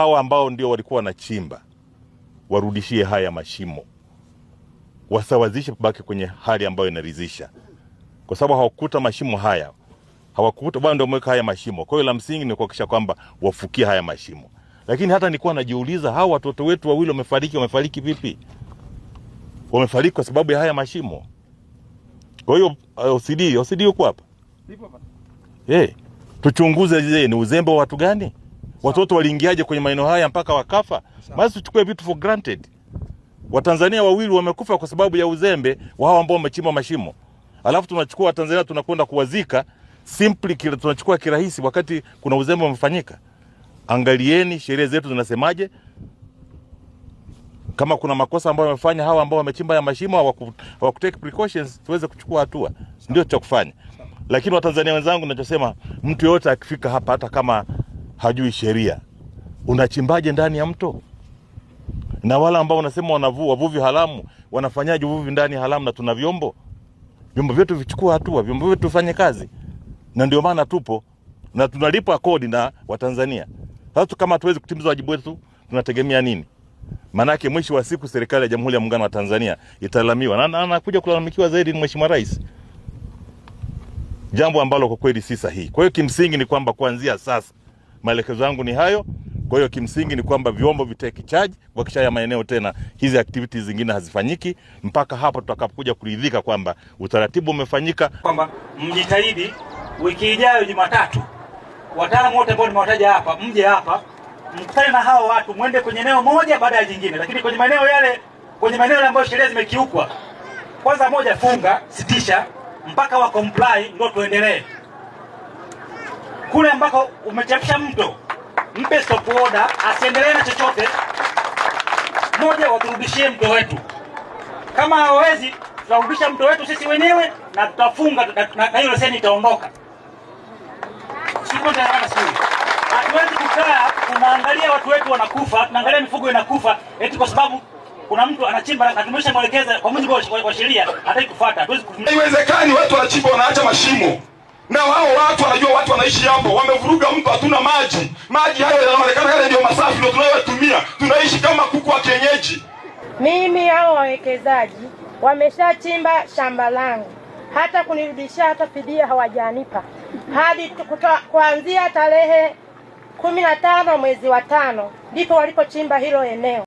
hawa ambao ndio walikuwa wanachimba warudishie haya mashimo, wasawazishe baki kwenye hali ambayo inaridhisha, kwa sababu hawakuta mashimo haya, hawakuta bwana ndio wameweka haya mashimo. Kwa hiyo la msingi ni kuhakikisha kwamba wafukie haya mashimo. Lakini hata nilikuwa najiuliza, hawa watoto wetu wawili wamefariki, wamefariki vipi? Wamefariki kwa sababu ya haya mashimo. Kwa hiyo uh, OCD, OCD uko hapa eh, hey, tuchunguze, je, ni uzembe wa watu gani? watoto waliingiaje kwenye maeneo haya mpaka wakafa? Basi tuchukue vitu for granted. Watanzania wawili wamekufa kwa sababu ya uzembe wa hao ambao wamechimba mashimo, alafu tunachukua Watanzania tunakwenda kuwazika simply, kila tunachukua kirahisi, wakati kuna uzembe umefanyika. Angalieni sheria zetu zinasemaje. Kama kuna makosa ambayo wamefanya hawa ambao wamechimba ya mashimo hawakutake precautions, tuweze kuchukua hatua, ndio cha kufanya. Lakini watanzania wenzangu, ninachosema mtu yoyote akifika hapa, hata kama hajui sheria, unachimbaje ndani ya mto? Na wala ambao wanasema wanavua wavuvi haramu wanafanyaje uvuvi ndani ya haramu? Na tuna vyombo, vyombo vyetu vichukua hatua, vyombo vyetu fanye kazi, na ndio maana tupo na tunalipa kodi na Watanzania. Sasa kama hatuwezi kutimiza wajibu wetu, tunategemea nini? Maanake mwisho wa siku serikali ya Jamhuri ya Muungano wa Tanzania italalamiwa na anakuja kulalamikiwa zaidi ni Mheshimiwa Rais, jambo ambalo kwa kweli si sahihi. Kwa hiyo kimsingi ni kwamba kuanzia sasa Maelekezo yangu ni hayo. Kwa hiyo kimsingi ni kwamba vyombo viteki charge kuhakikisha haya maeneo tena hizi activities zingine hazifanyiki mpaka hapo tutakapokuja kuridhika kwamba utaratibu umefanyika, kwamba mjitahidi wiki ijayo Jumatatu wataalamu wote ambao nimewataja hapa mje hapa mkutane na hao watu, mwende kwenye eneo moja baada ya jingine, lakini kwenye maeneo yale, kwenye maeneo ambayo sheria zimekiukwa, kwanza moja, funga sitisha mpaka wa comply, ndio tuendelee kule ambako umechapisha mto, mpe stop order, asiendelee na chochote. Moja, waturudishie mto wetu. Kama hawawezi, tutarudisha mto wetu sisi wenyewe na tutafunga na hiyo leseni itaondoka. Hatuwezi kukaa tunaangalia watu wetu wanakufa, tunaangalia mifugo inakufa eti kwa sababu kuna mtu anachimba na tumeshamwelekeza kwa mujibu wa sheria, hataki kufuata. Haiwezekani watu wanachimba wanaacha mashimo na hao watu wanajua watu wanaishi hapo, wamevuruga mto, hatuna maji. Maji hayo yanaonekana yale ndio masafi, ndio tunayotumia, tunaishi kama kuku wa kienyeji. Mimi hao wawekezaji wameshachimba shamba langu, hata kunirudishia hata fidia hawajanipa hadi kuanzia tarehe kumi na tano mwezi wa tano ndipo walipochimba hilo eneo.